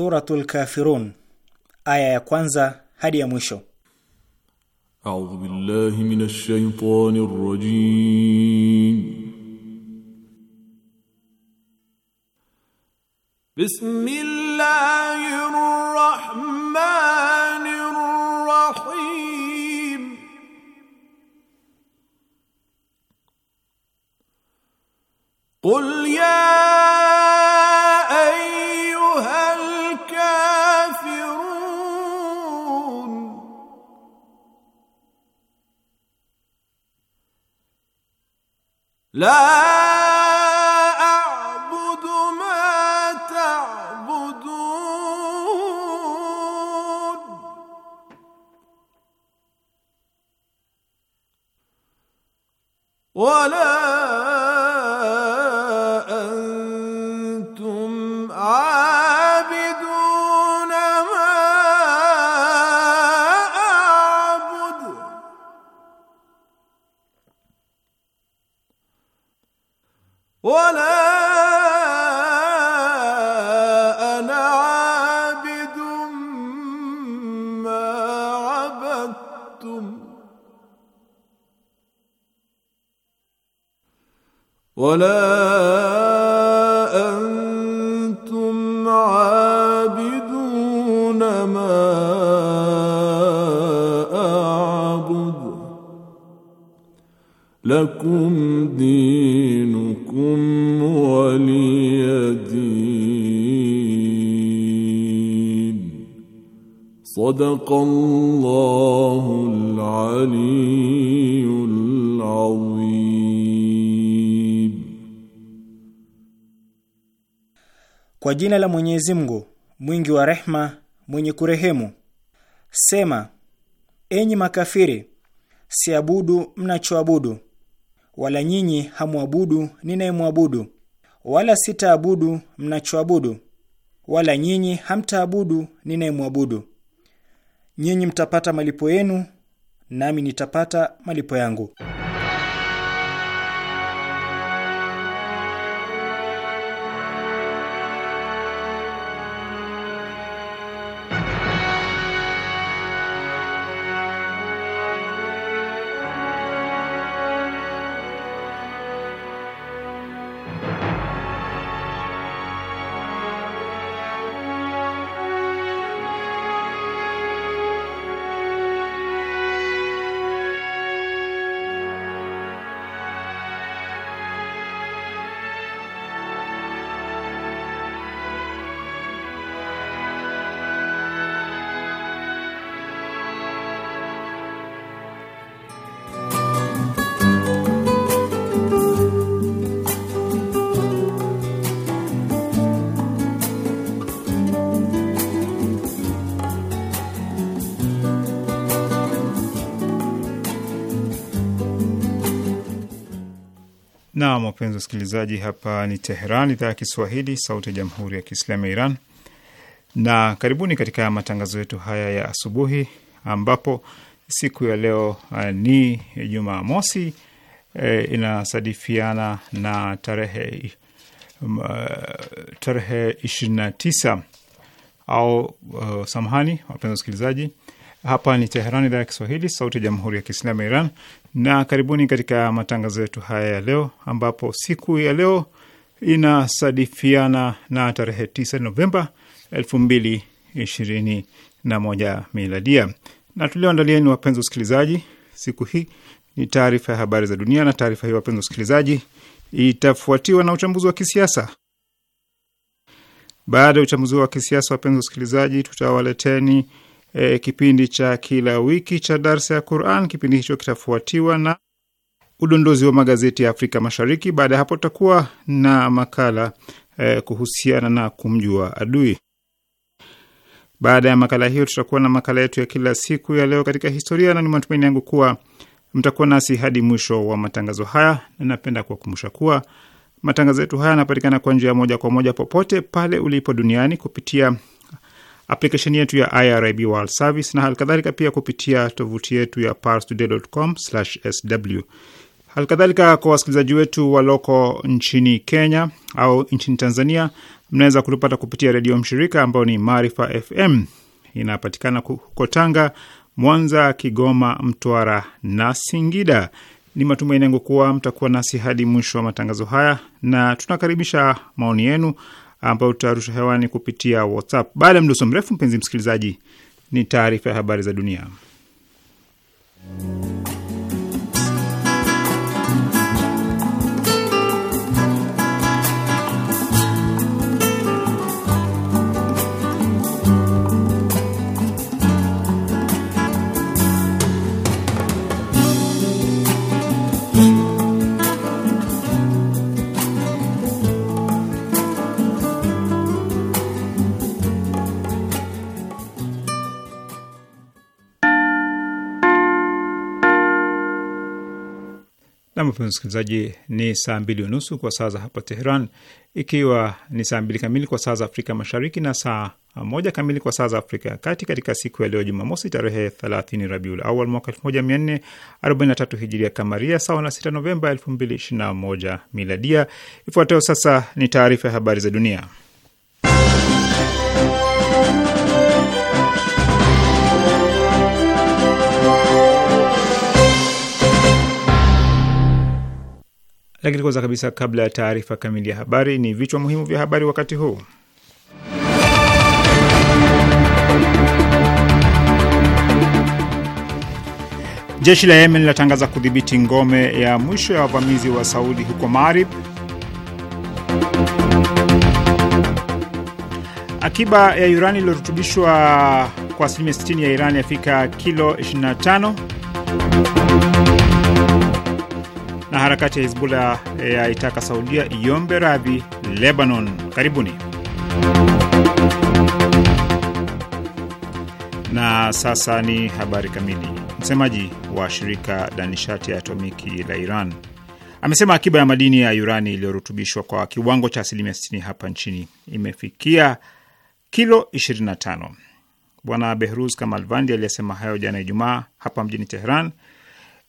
Suratul Kafirun aya ya kwanza hadi ya mwisho. A'udhu billahi minash shaitanir rajim. Bismillah ولا jina la Mwenyezi Mungu mwingi wa rehma mwenye kurehemu. Sema, enyi makafiri, siabudu mnachoabudu, wala nyinyi hamwabudu ninayemwabudu, wala sitaabudu mnachoabudu, wala nyinyi hamtaabudu ninayemwabudu. Nyinyi mtapata malipo yenu, nami nitapata malipo yangu. Naam, wapenzi wasikilizaji, hapa ni Teheran, idhaa ya Kiswahili, sauti ya jamhuri ya kiislamu ya Iran, na karibuni katika matangazo yetu haya ya asubuhi, ambapo siku ya leo uh, ni Jumaa mosi e, eh, inasadifiana na tarehe uh, tarehe ishirini na tisa au uh, samahani, wapenzi wasikilizaji hapa ni teheran idhaa ya Kiswahili, sauti ya jamhuri ya kiislamu ya Iran na karibuni katika matangazo yetu haya ya leo, ambapo siku ya leo inasadifiana na tarehe 9 Novemba 2021 miladia. Na tulioandalia ni wapenzi wasikilizaji, siku hii ni taarifa ya habari za dunia, na taarifa hiyo, wapenzi wasikilizaji, itafuatiwa na uchambuzi wa kisiasa. Baada ya uchambuzi wa kisiasa, wapenzi wasikilizaji, tutawaleteni e, kipindi cha kila wiki cha darsa ya Quran. Kipindi hicho kitafuatiwa na udondozi wa magazeti ya Afrika Mashariki. Baada ya hapo, tutakuwa na makala e, kuhusiana na kumjua adui. Baada ya makala hiyo, tutakuwa na makala yetu ya kila siku ya leo katika historia, na ni matumaini yangu kuwa mtakuwa nasi hadi mwisho wa matangazo haya, na napenda kuwakumbusha kuwa matangazo yetu haya yanapatikana kwa njia moja kwa moja popote pale ulipo duniani kupitia aplikesheni yetu ya IRIB World Service na halikadhalika pia kupitia tovuti yetu ya parstoday.com/sw. Halikadhalika, kwa wasikilizaji wetu walioko nchini Kenya au nchini Tanzania, mnaweza kutupata kupitia redio mshirika ambao ni Maarifa FM, inapatikana huko Tanga, Mwanza, Kigoma, Mtwara na Singida. Ni matumaini yangu kuwa mtakuwa nasi hadi mwisho wa matangazo haya, na tunakaribisha maoni yenu ambayo tutarushwa hewani kupitia WhatsApp. Baada ya mdoso mrefu, mpenzi msikilizaji, ni taarifa ya habari za dunia. Na mpenzi msikilizaji, ni saa mbili unusu kwa saa za hapa Teheran, ikiwa ni saa mbili kamili kwa saa za Afrika Mashariki na saa moja kamili kwa saa za Afrika ya Kati, katika siku ya leo Jumamosi tarehe thelathini Rabiul Awal mwaka elfu moja mia nne arobaini na tatu hijiria kamaria, sawa na sita Novemba elfu mbili na moja miladia. Ifuatayo sasa ni taarifa ya habari za dunia. Lakini kwanza kabisa, kabla ya taarifa kamili ya habari, ni vichwa muhimu vya habari wakati huu. Jeshi la Yemen linatangaza kudhibiti ngome ya mwisho ya wavamizi wa Saudi huko Marib. Akiba ya urani iliyorutubishwa kwa asilimia 60 ya Iran yafika kilo 25 na harakati ya Hizbullah eh, itaka Saudia iombe radhi Lebanon. Karibuni. Na sasa ni habari kamili. Msemaji wa shirika la nishati ya atomiki la Iran amesema akiba ya madini ya urani iliyorutubishwa kwa kiwango cha asilimia 60 hapa nchini imefikia kilo 25. Bwana Behruz Kamalvandi aliyesema hayo jana Ijumaa hapa mjini Teheran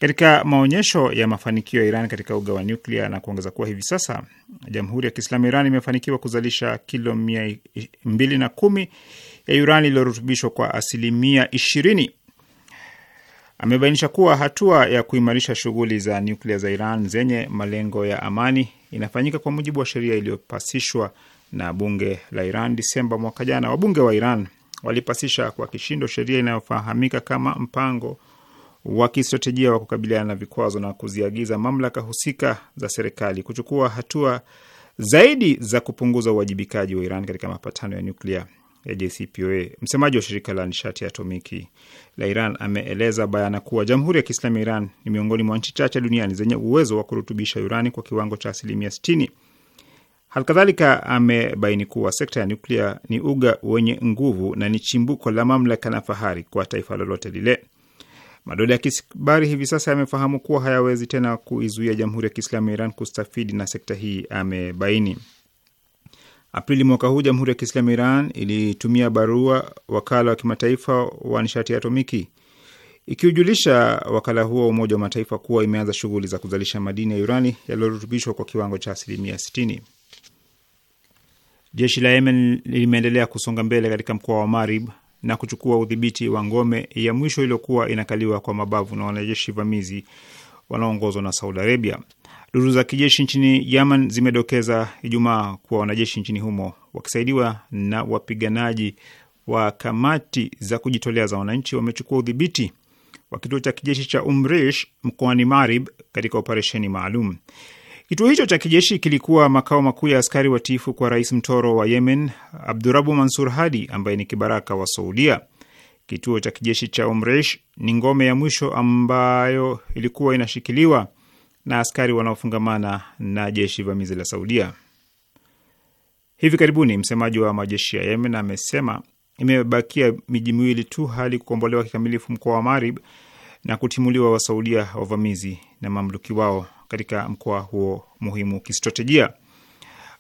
katika maonyesho ya mafanikio ya Iran katika uga wa nyuklia na kuongeza kuwa hivi sasa Jamhuri ya Kiislamu Iran imefanikiwa kuzalisha kilo mia mbili na kumi ya urani iliyorutubishwa kwa asilimia ishirini. Amebainisha kuwa hatua ya kuimarisha shughuli za nyuklia za Iran zenye malengo ya amani inafanyika kwa mujibu wa sheria iliyopasishwa na bunge la Iran Disemba mwaka jana. Wabunge wa Iran walipasisha kwa kishindo sheria inayofahamika kama mpango wa kistratejia wa kukabiliana na vikwazo na kuziagiza mamlaka husika za serikali kuchukua hatua zaidi za kupunguza uwajibikaji wa Iran katika mapatano ya nyuklia ya JCPOA. Msemaji wa shirika la nishati ya atomiki la Iran ameeleza bayana kuwa Jamhuri ya Kiislamu ya Iran ni miongoni mwa nchi chache duniani zenye uwezo wa kurutubisha urani kwa kiwango cha asilimia 60. Halikadhalika amebaini kuwa sekta ya nyuklia ni uga wenye nguvu na ni chimbuko la mamlaka na fahari kwa taifa lolote lile. Madola ya kibari hivi sasa yamefahamu kuwa hayawezi tena kuizuia Jamhuri ya Kiislamu ya Iran kustafidi na sekta hii, amebaini. Aprili mwaka huu Jamhuri ya Kiislamu ya Iran ilitumia barua wakala wa kimataifa wa nishati ya atomiki ikiujulisha wakala huo wa Umoja wa Mataifa kuwa imeanza shughuli za kuzalisha madini ya urani yaliyorutubishwa kwa kiwango cha asilimia 60. Jeshi la Yemen limeendelea kusonga mbele katika mkoa wa Marib na kuchukua udhibiti wa ngome ya mwisho iliyokuwa inakaliwa kwa mabavu na wanajeshi vamizi wanaoongozwa na Saudi Arabia. Duru za kijeshi nchini Yemen zimedokeza Ijumaa kuwa wanajeshi nchini humo wakisaidiwa na wapiganaji wa kamati za kujitolea za wananchi wamechukua udhibiti wa kituo cha kijeshi cha Umrish mkoani Marib katika operesheni maalum. Kituo hicho cha kijeshi kilikuwa makao makuu ya askari watiifu kwa rais mtoro wa Yemen, Abdurabu Mansur Hadi, ambaye ni kibaraka wa Saudia. Kituo cha kijeshi cha Umresh ni ngome ya mwisho ambayo ilikuwa inashikiliwa na askari wanaofungamana na jeshi vamizi la Saudia. Hivi karibuni msemaji wa majeshi ya Yemen amesema imebakia miji miwili tu hali kukombolewa kikamilifu mkoa wa Marib na kutimuliwa wasaudia wavamizi na mamluki wao katika mkoa huo muhimu kistratejia.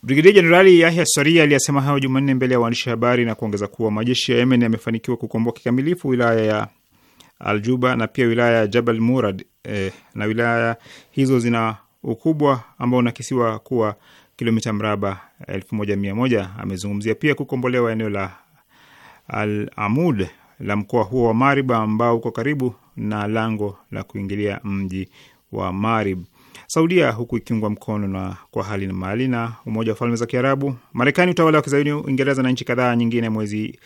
Brigedia Jenerali Yahya Saria aliyasema hayo Jumanne mbele ya waandishi habari na kuongeza kuwa majeshi ya Yemen yamefanikiwa kukomboa kikamilifu wilaya ya Aljuba na pia wilaya ya Jabal Murad eh, na wilaya hizo zina ukubwa ambao unakisiwa kuwa kilomita mraba elfu moja mia moja. Amezungumzia pia kukombolewa eneo la Al Amud la mkoa huo wa Marib ambao uko karibu na lango la kuingilia mji wa Marib. Saudia huku ikiungwa mkono na kwa hali na mali na Umoja wa Falme za Kiarabu, Marekani, utawala wa kizayuni, Uingereza na nchi kadhaa nyingine. Mwezi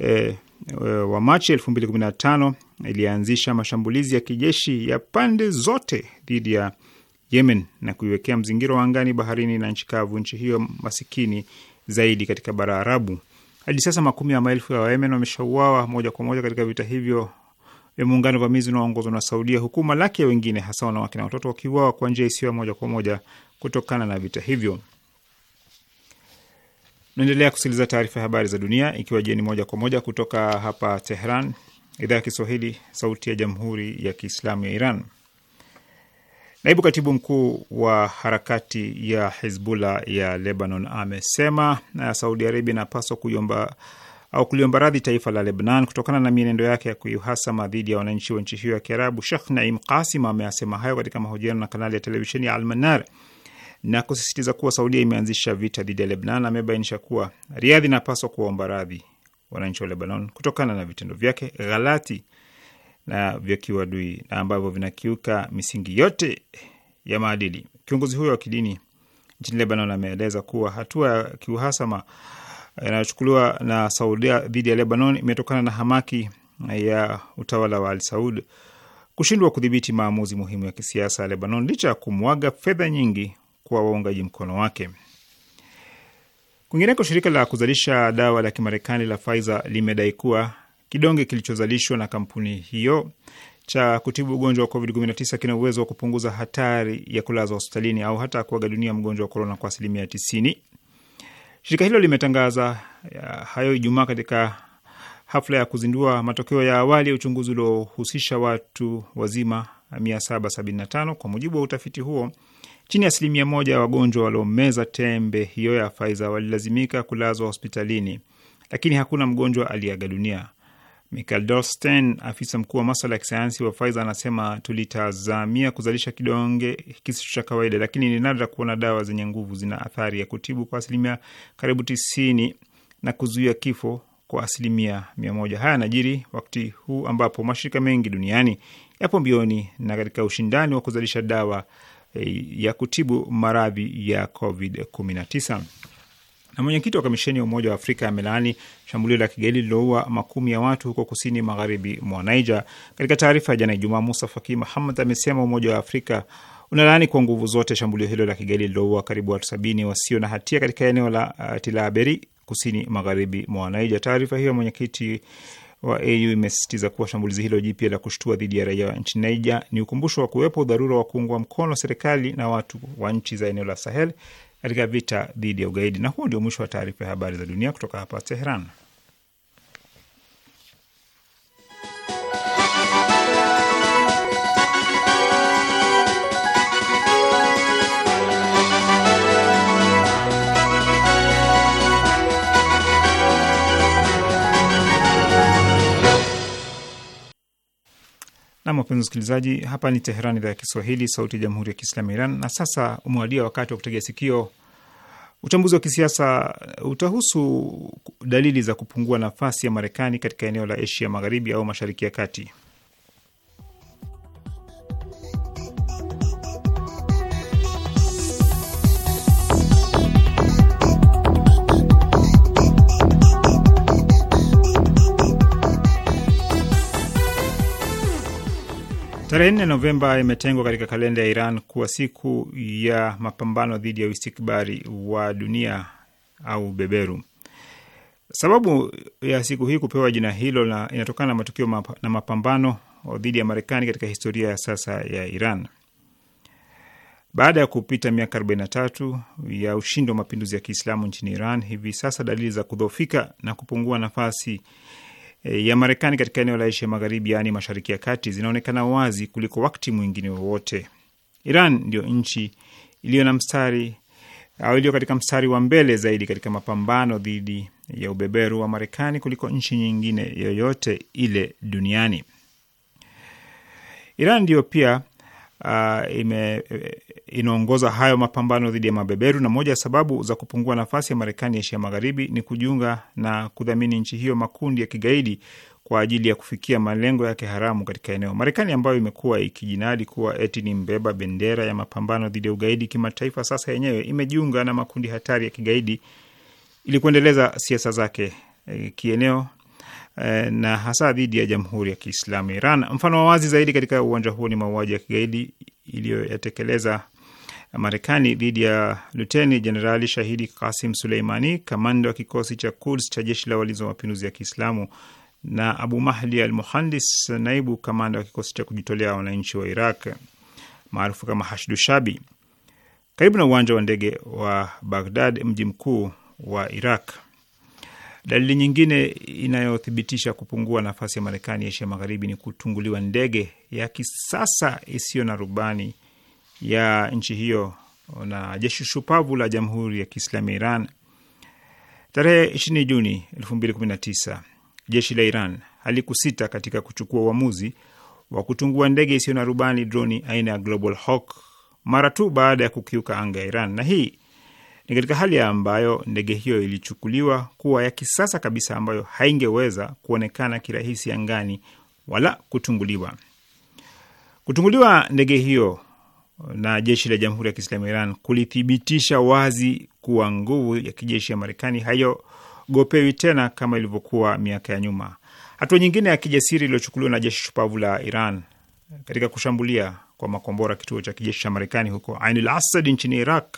e, e, wa Machi elfu mbili kumi na tano ilianzisha mashambulizi ya kijeshi ya pande zote dhidi ya Yemen na kuiwekea mzingiro wa angani, baharini na nchi kavu, nchi hiyo masikini zaidi katika bara Arabu. Hadi sasa makumi ya maelfu ya Wayemen wameshauawa moja kwa moja katika vita hivyo ya muungano vamizi unaoongozwa na Saudia, huku malaki ya wengine hasa wanawake na watoto wakiuawa kwa njia isiyo moja kwa moja kutokana na vita hivyo. Naendelea kusikiliza taarifa ya habari za dunia ikiwa jieni moja kwa moja kutoka hapa Tehran, idhaa ya Kiswahili, sauti ya jamhuri ya kiislamu ya Iran. Naibu katibu mkuu wa harakati ya Hizbullah ya Lebanon amesema na Saudi Arabia inapaswa kuiomba au kuliomba radhi taifa la Lebnan kutokana na mienendo yake ya kuihasama dhidi ya wananchi wa nchi hiyo ya Kiarabu. Shekh Naim Kasim ameasema hayo katika mahojiano na kanali ya televisheni ya Almanar na kusisitiza kuwa Saudia imeanzisha vita dhidi ya Lebnan. Amebainisha kuwa Riadhi inapaswa kuwaomba radhi wananchi wa Lebanon kutokana na vitendo vyake ghalati na vya kiuadui na ambavyo vinakiuka misingi yote ya maadili. Kiongozi huyo wa kidini nchini Lebanon ameeleza kuwa hatua ya kiuhasama yanayochukuliwa na Saudia dhidi ya Lebanon imetokana na hamaki ya utawala wa Al Saud kushindwa kudhibiti maamuzi muhimu ya kisiasa ya Lebanon licha ya kumwaga fedha nyingi kwa waungaji mkono wake. Kwingineko, shirika la kuzalisha dawa la Kimarekani la Pfizer limedai kuwa kidonge kilichozalishwa na kampuni hiyo cha kutibu ugonjwa wa COVID-19 kina uwezo wa kupunguza hatari ya kulazwa hospitalini au hata kuaga dunia mgonjwa wa korona kwa asilimia 90 Shirika hilo limetangaza hayo Ijumaa katika hafla ya kuzindua matokeo ya awali ya uchunguzi uliohusisha watu wazima 775. Kwa mujibu wa utafiti huo, chini ya asilimia moja ya wagonjwa waliomeza tembe hiyo ya Pfizer walilazimika kulazwa hospitalini, lakini hakuna mgonjwa aliyeaga dunia. Michael Dorsten, afisa mkuu wa maswala ya kisayansi wa Pfizer, anasema tulitazamia kuzalisha kidonge kisicho cha kawaida, lakini ni nadra kuona dawa zenye nguvu zina athari ya kutibu kwa asilimia karibu tisini na kuzuia kifo kwa asilimia mia moja. Haya yanajiri wakati huu ambapo mashirika mengi duniani yapo mbioni na katika ushindani wa kuzalisha dawa eh, ya kutibu maradhi ya COVID-19. Na mwenyekiti wa kamisheni ya Umoja wa Afrika amelaani shambulio la kigaidi lililoua makumi ya watu huko kusini magharibi mwa Niger. Katika taarifa ya jana Ijumaa, Musa Faki Mahamad amesema Umoja wa Afrika unalaani kwa nguvu zote shambulio hilo la kigaidi lililoua karibu watu sabini wasio na hatia katika eneo la uh, Tilaberi kusini magharibi mwa Niger. Taarifa hiyo mwenyekiti wa AU imesisitiza kuwa shambulizi hilo jipya la kushtua dhidi ya raia wa nchi Niger ni ukumbusho wa kuwepo dharura wa kuungwa mkono serikali na watu wa nchi za eneo la Sahel katika vita dhidi ya ugaidi. Na huo ndio mwisho wa taarifa ya habari za dunia kutoka hapa Teheran. Nam, wapenzi msikilizaji, hapa ni Teherani, idhaa ya Kiswahili, sauti ya jamhuri ya kiislamu ya Iran. Na sasa umewadia wakati wa kutegea sikio. Uchambuzi wa kisiasa utahusu dalili za kupungua nafasi ya Marekani katika eneo la Asia Magharibi au Mashariki ya Kati. Tarehe 4 Novemba imetengwa katika kalenda ya Iran kuwa siku ya mapambano dhidi ya uistikbari wa dunia au beberu. Sababu ya siku hii kupewa jina hilo na inatokana na matukio map, na mapambano dhidi ya Marekani katika historia ya sasa ya Iran. Baada ya kupita miaka 43 ya ushindi wa mapinduzi ya Kiislamu nchini Iran, hivi sasa dalili za kudhoofika na kupungua nafasi Eh, ya Marekani katika eneo la Asia Magharibi, yaani Mashariki ya Kati, zinaonekana wazi kuliko wakati mwingine wowote. Iran ndio nchi iliyo na mstari au iliyo katika mstari wa mbele zaidi katika mapambano dhidi ya ubeberu wa Marekani kuliko nchi nyingine yoyote ile duniani. Iran ndiyo pia uh, ime, eh, inaongoza hayo mapambano dhidi ya mabeberu, na moja ya sababu za kupungua nafasi ya Marekani Asia Magharibi ni kujiunga na kudhamini nchi hiyo makundi ya kigaidi kwa ajili ya kufikia malengo yake haramu katika eneo. Marekani ambayo imekuwa ikijinadi kuwa eti ni mbeba bendera ya mapambano dhidi ya ugaidi kimataifa, sasa yenyewe imejiunga na makundi hatari ya kigaidi ili kuendeleza siasa zake e, kieneo Eh, na hasa dhidi ya Jamhuri ya Kiislamu Iran. Mfano wa wazi zaidi katika uwanja huo ni mauaji ya kigaidi iliyoyatekeleza Marekani dhidi ya luteni jenerali shahidi Kasim Suleimani, kamanda wa kikosi cha Kuds cha jeshi la walinzi wa mapinduzi ya Kiislamu, na Abu Mahdi al Muhandis, naibu kamanda wa kikosi cha kujitolea wananchi wa Iraq maarufu kama Hashdu Shabi, karibu na uwanja wa ndege wa Baghdad, mji mkuu wa Iraq. Dalili nyingine inayothibitisha kupungua nafasi ya Marekani Asia Magharibi ni kutunguliwa ndege ya kisasa isiyo na rubani ya nchi hiyo na jeshi shupavu la Jamhuri ya Kiislamu ya Iran. Tarehe 20 Juni 2019 jeshi la Iran halikusita katika kuchukua uamuzi wa kutungua ndege isiyo na rubani droni aina ya Global Hawk mara tu baada ya kukiuka anga ya Iran, na hii ni katika hali ambayo ndege hiyo ilichukuliwa kuwa ya kisasa kabisa, ambayo haingeweza kuonekana kirahisi angani wala kutunguliwa. Kutunguliwa ndege hiyo na jeshi la Jamhuri ya Kiislamu ya Iran kulithibitisha wazi kuwa nguvu ya kijeshi ya Marekani haiogopewi tena kama ilivyokuwa miaka ya nyuma. Hatua nyingine ya kijasiri iliyochukuliwa na jeshi shupavu la Iran katika kushambulia kwa makombora kituo cha kijeshi cha Marekani huko Ainul Asad nchini Iraq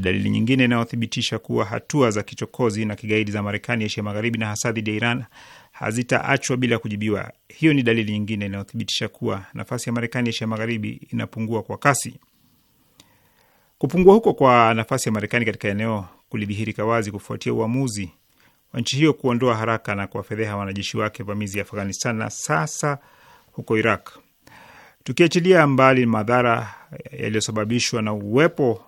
dalili nyingine inayothibitisha kuwa hatua za kichokozi na kigaidi za Marekani, Asia Magharibi na hasa dhidi ya Iran hazitaachwa bila kujibiwa. Hiyo ni dalili nyingine inayothibitisha kuwa nafasi ya Marekani Asia Magharibi inapungua kwa kasi. Kupungua huko kwa nafasi ya Marekani katika eneo kulidhihirika wazi kufuatia uamuzi wa nchi hiyo kuondoa haraka na kwa fedheha wanajeshi wake vamizi ya Afghanistan na sasa huko Iraq. Tukiachilia mbali madhara yaliyosababishwa na uwepo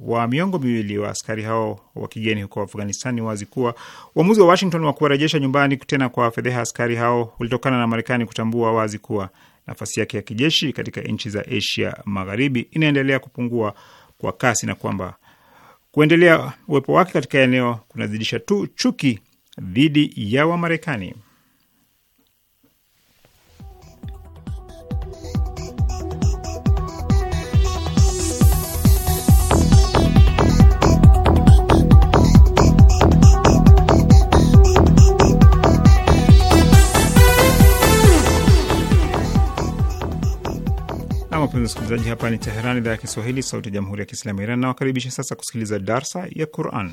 wa miongo miwili wa askari hao wa kigeni huko Afghanistan, ni wazi kuwa uamuzi wa Washington wa kuwarejesha nyumbani tena kwa fedheha askari hao ulitokana na Marekani kutambua wazi kuwa nafasi yake ya kijeshi katika nchi za Asia Magharibi inaendelea kupungua kwa kasi na kwamba kuendelea uwepo wake katika eneo kunazidisha tu chuki dhidi ya Wamarekani. wapenzi wasikilizaji, hapa ni Teheran, idhaa ya Kiswahili, sauti ya jamhuri ya kiislamu ya Iran. Nawakaribisha sasa kusikiliza darsa ya Quran.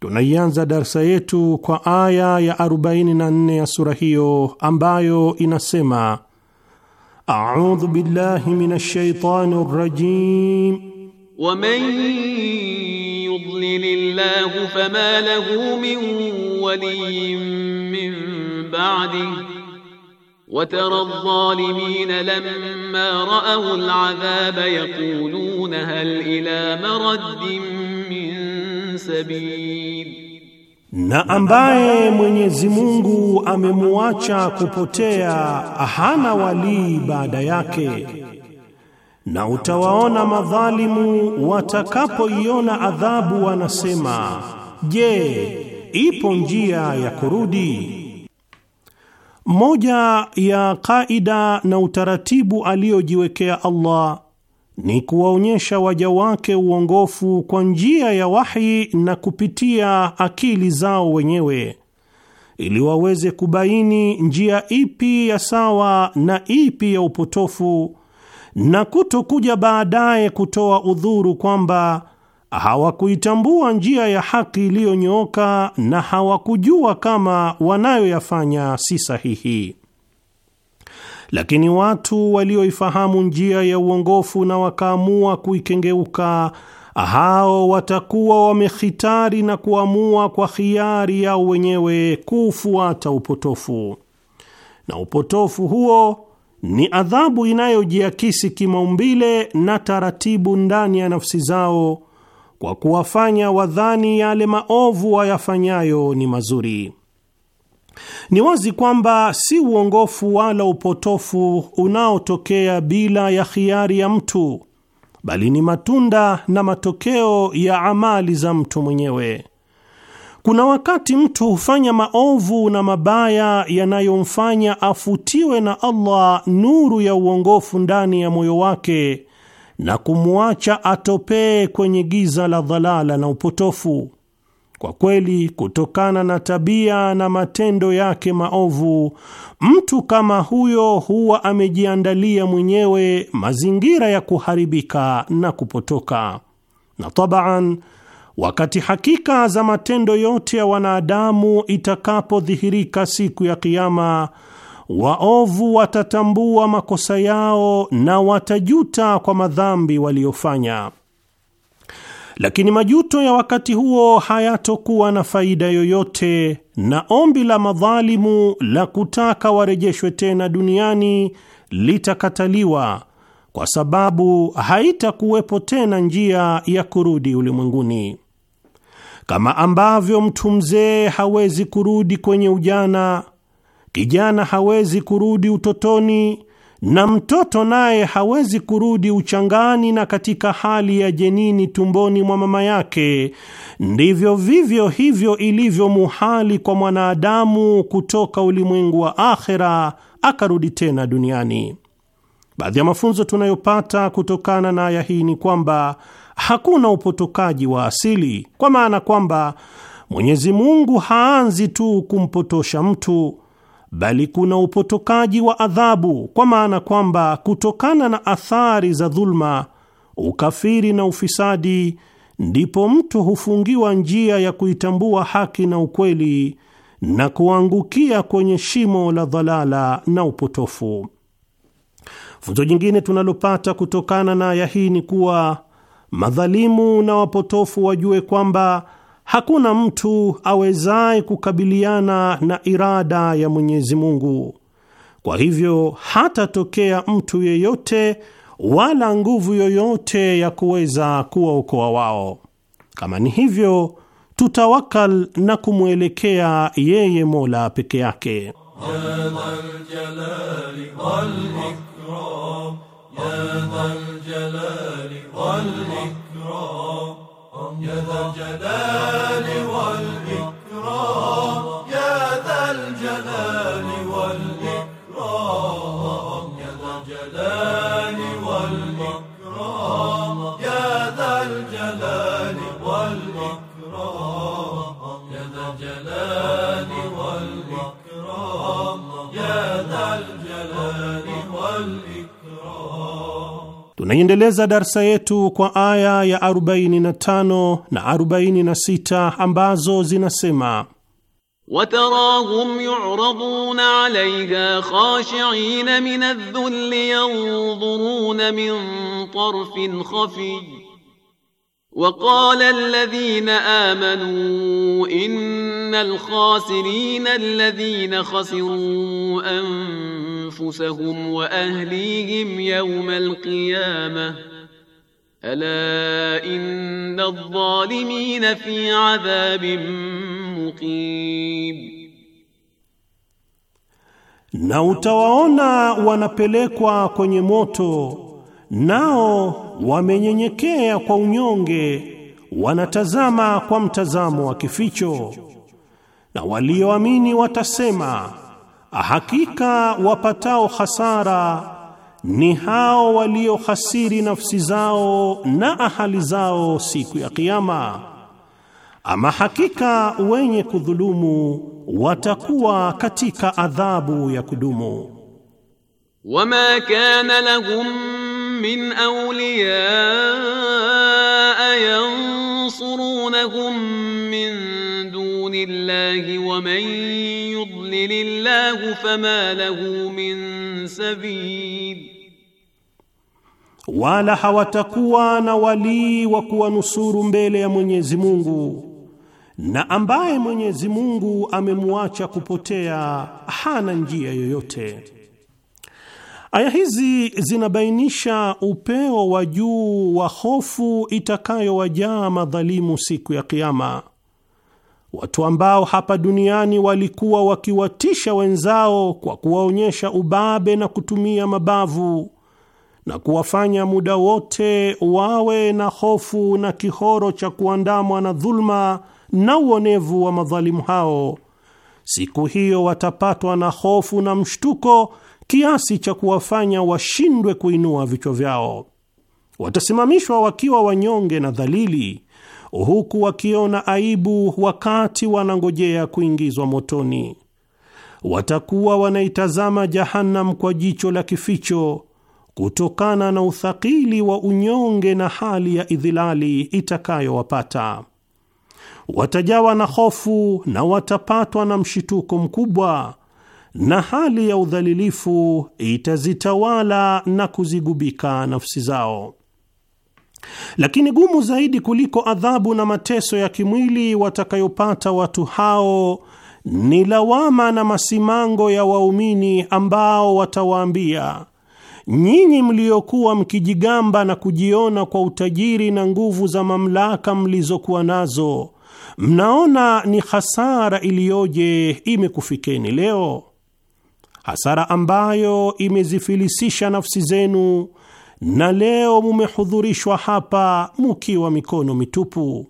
Tunaianza darsa yetu kwa aya ya 44 ya sura hiyo ambayo inasema: audhu billahi minash shaitani rrajim man yudlilillahu fama lahu min waliyyin min ba'dihi وترى الظالمين لما رأوا العذاب يقولون هل إلى مرد sabil, na ambaye Mwenyezi Mungu amemwacha kupotea hana walii baada yake, na utawaona madhalimu watakapoiona adhabu wanasema, je, ipo njia ya kurudi? Moja ya kaida na utaratibu aliyojiwekea Allah ni kuwaonyesha waja wake uongofu kwa njia ya wahi na kupitia akili zao wenyewe ili waweze kubaini njia ipi ya sawa na ipi ya upotofu na kutokuja baadaye kutoa udhuru kwamba hawakuitambua njia ya haki iliyonyooka na hawakujua kama wanayoyafanya si sahihi lakini watu walioifahamu njia ya uongofu na wakaamua kuikengeuka, hao watakuwa wamehitari na kuamua kwa hiari yao wenyewe kuufuata upotofu, na upotofu huo ni adhabu inayojiakisi kimaumbile na taratibu ndani ya nafsi zao kwa kuwafanya wadhani yale maovu wayafanyayo ni mazuri. Ni wazi kwamba si uongofu wala upotofu unaotokea bila ya khiari ya mtu, bali ni matunda na matokeo ya amali za mtu mwenyewe. Kuna wakati mtu hufanya maovu na mabaya yanayomfanya afutiwe na Allah nuru ya uongofu ndani ya moyo wake na kumwacha atopee kwenye giza la dhalala na upotofu. Kwa kweli kutokana na tabia na matendo yake maovu, mtu kama huyo huwa amejiandalia mwenyewe mazingira ya kuharibika na kupotoka. Na tabaan, wakati hakika za matendo yote ya wanadamu itakapodhihirika siku ya Kiama, waovu watatambua makosa yao na watajuta kwa madhambi waliyofanya lakini majuto ya wakati huo hayatokuwa na faida yoyote, na ombi la madhalimu la kutaka warejeshwe tena duniani litakataliwa, kwa sababu haitakuwepo tena njia ya kurudi ulimwenguni. Kama ambavyo mtu mzee hawezi kurudi kwenye ujana, kijana hawezi kurudi utotoni na mtoto naye hawezi kurudi uchangani na katika hali ya jenini tumboni mwa mama yake, ndivyo vivyo hivyo ilivyo muhali kwa mwanadamu kutoka ulimwengu wa akhera akarudi tena duniani. Baadhi ya mafunzo tunayopata kutokana na aya hii ni kwamba hakuna upotokaji wa asili, kwa maana kwamba Mwenyezi Mungu haanzi tu kumpotosha mtu bali kuna upotokaji wa adhabu, kwa maana kwamba kutokana na athari za dhulma, ukafiri na ufisadi, ndipo mtu hufungiwa njia ya kuitambua haki na ukweli na kuangukia kwenye shimo la dhalala na upotofu. Funzo jingine tunalopata kutokana na aya hii ni kuwa madhalimu na wapotofu wajue kwamba Hakuna mtu awezaye kukabiliana na irada ya Mwenyezi Mungu. Kwa hivyo hatatokea mtu yeyote wala nguvu yoyote ya kuweza kuwaokoa wao. Kama ni hivyo, tutawakal na kumwelekea yeye Mola peke yake. يا ذا الجلال والإكرام يا ذا الجلال والإكرام يا ذا الجلال والإكرام Tunaiendeleza darsa yetu kwa aya ya 45 na 46 ambazo zinasema: watarahum yuraduna alayha khashiina min adh-dhulli yanzuruna min tarfin khafi وقال الذين آمنوا إن الخاسرين الذين خسروا أنفسهم وأهليهم يوم القيامة ألا إن الظالمين في عذاب مقيم na utawaona wanapelekwa kwenye moto nao wamenyenyekea kwa unyonge, wanatazama kwa mtazamo wa kificho, na walioamini watasema hakika wapatao hasara ni hao waliohasiri nafsi zao na ahali zao siku ya Kiyama. Ama hakika wenye kudhulumu watakuwa katika adhabu ya kudumu. wama kana lahum من أولياء ينصرونهم من دون الله ومن يضلل الله فما له من سبيل wala hawatakuwa na walii wa kuwanusuru mbele ya Mwenyezi Mungu, na ambaye Mwenyezi Mungu amemwacha kupotea hana njia yoyote. Aya hizi zinabainisha upeo wa juu wa hofu itakayowajaa madhalimu siku ya Kiama, watu ambao hapa duniani walikuwa wakiwatisha wenzao kwa kuwaonyesha ubabe na kutumia mabavu na kuwafanya muda wote wawe na hofu na kihoro cha kuandamwa na dhuluma na uonevu wa madhalimu hao. Siku hiyo watapatwa na hofu na mshtuko kiasi cha kuwafanya washindwe kuinua vichwa vyao. Watasimamishwa wakiwa wanyonge na dhalili, huku wakiona aibu wakati wanangojea kuingizwa motoni. Watakuwa wanaitazama Jahannam kwa jicho la kificho kutokana na uthakili wa unyonge na hali ya idhilali itakayowapata. Watajawa na hofu na watapatwa na mshituko mkubwa na hali ya udhalilifu itazitawala na kuzigubika nafsi zao. Lakini gumu zaidi kuliko adhabu na mateso ya kimwili watakayopata watu hao ni lawama na masimango ya waumini ambao watawaambia, nyinyi mliokuwa mkijigamba na kujiona kwa utajiri na nguvu za mamlaka mlizokuwa nazo, mnaona ni hasara iliyoje imekufikeni leo hasara ambayo imezifilisisha nafsi zenu, na leo mumehudhurishwa hapa mukiwa mikono mitupu.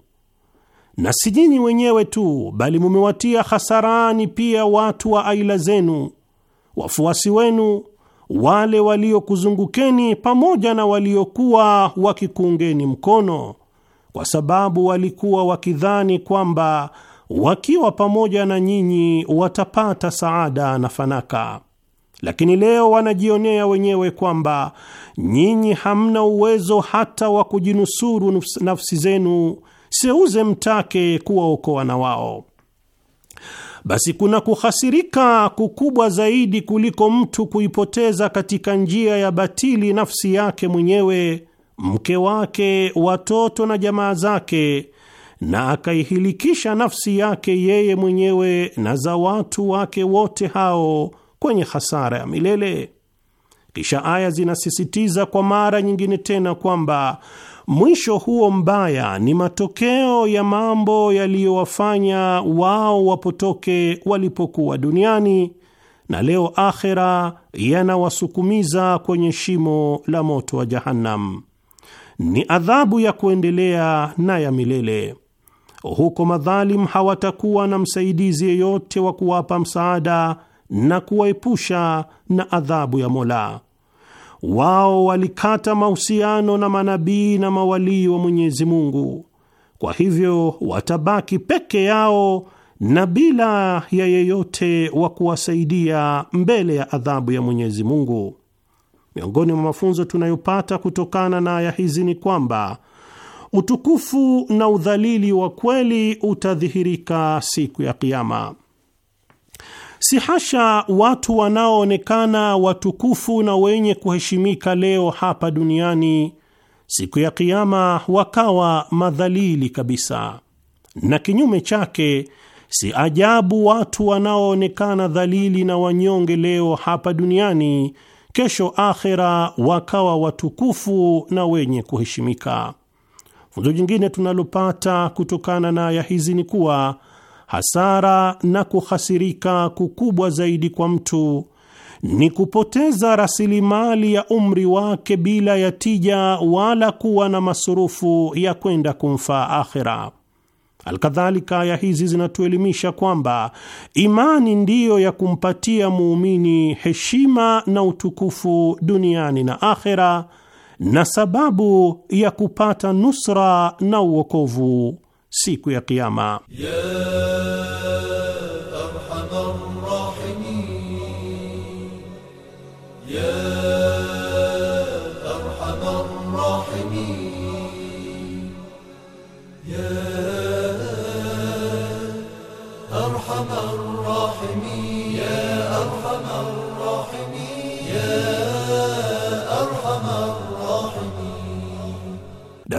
Na si nyinyi wenyewe tu, bali mumewatia hasarani pia watu wa aila zenu, wafuasi wenu, wale waliokuzungukeni pamoja na waliokuwa wakikuungeni mkono, kwa sababu walikuwa wakidhani kwamba wakiwa pamoja na nyinyi watapata saada na fanaka. Lakini leo wanajionea wenyewe kwamba nyinyi hamna uwezo hata wa kujinusuru nafsi zenu, seuze mtake kuwaokoa na wao. Basi kuna kuhasirika kukubwa zaidi kuliko mtu kuipoteza katika njia ya batili nafsi yake mwenyewe, mke wake, watoto na jamaa zake, na akaihilikisha nafsi yake yeye mwenyewe na za watu wake wote hao kwenye hasara ya milele. Kisha aya zinasisitiza kwa mara nyingine tena kwamba mwisho huo mbaya ni matokeo ya mambo yaliyowafanya wao wapotoke walipokuwa duniani, na leo akhera yanawasukumiza kwenye shimo la moto wa Jahannam. Ni adhabu ya kuendelea na ya milele. Huko madhalim hawatakuwa na msaidizi yeyote wa kuwapa msaada na kuwaepusha na adhabu ya Mola wao. Walikata mahusiano na manabii na mawalii wa Mwenyezi Mungu, kwa hivyo watabaki peke yao na bila ya yeyote wa kuwasaidia mbele ya adhabu ya Mwenyezi Mungu. Miongoni mwa mafunzo tunayopata kutokana na aya hizi ni kwamba utukufu na udhalili wa kweli utadhihirika siku ya Kiama. Si hasha watu wanaoonekana watukufu na wenye kuheshimika leo hapa duniani, siku ya Kiama wakawa madhalili kabisa, na kinyume chake si ajabu watu wanaoonekana dhalili na wanyonge leo hapa duniani, kesho akhera wakawa watukufu na wenye kuheshimika. Funzo jingine tunalopata kutokana na aya hizi ni kuwa hasara na kuhasirika kukubwa zaidi kwa mtu ni kupoteza rasilimali ya umri wake bila ya tija wala kuwa na masurufu ya kwenda kumfaa akhira. Alkadhalika, aya hizi zinatuelimisha kwamba imani ndiyo ya kumpatia muumini heshima na utukufu duniani na akhera, na sababu ya kupata nusra na uokovu siku ya Kiama.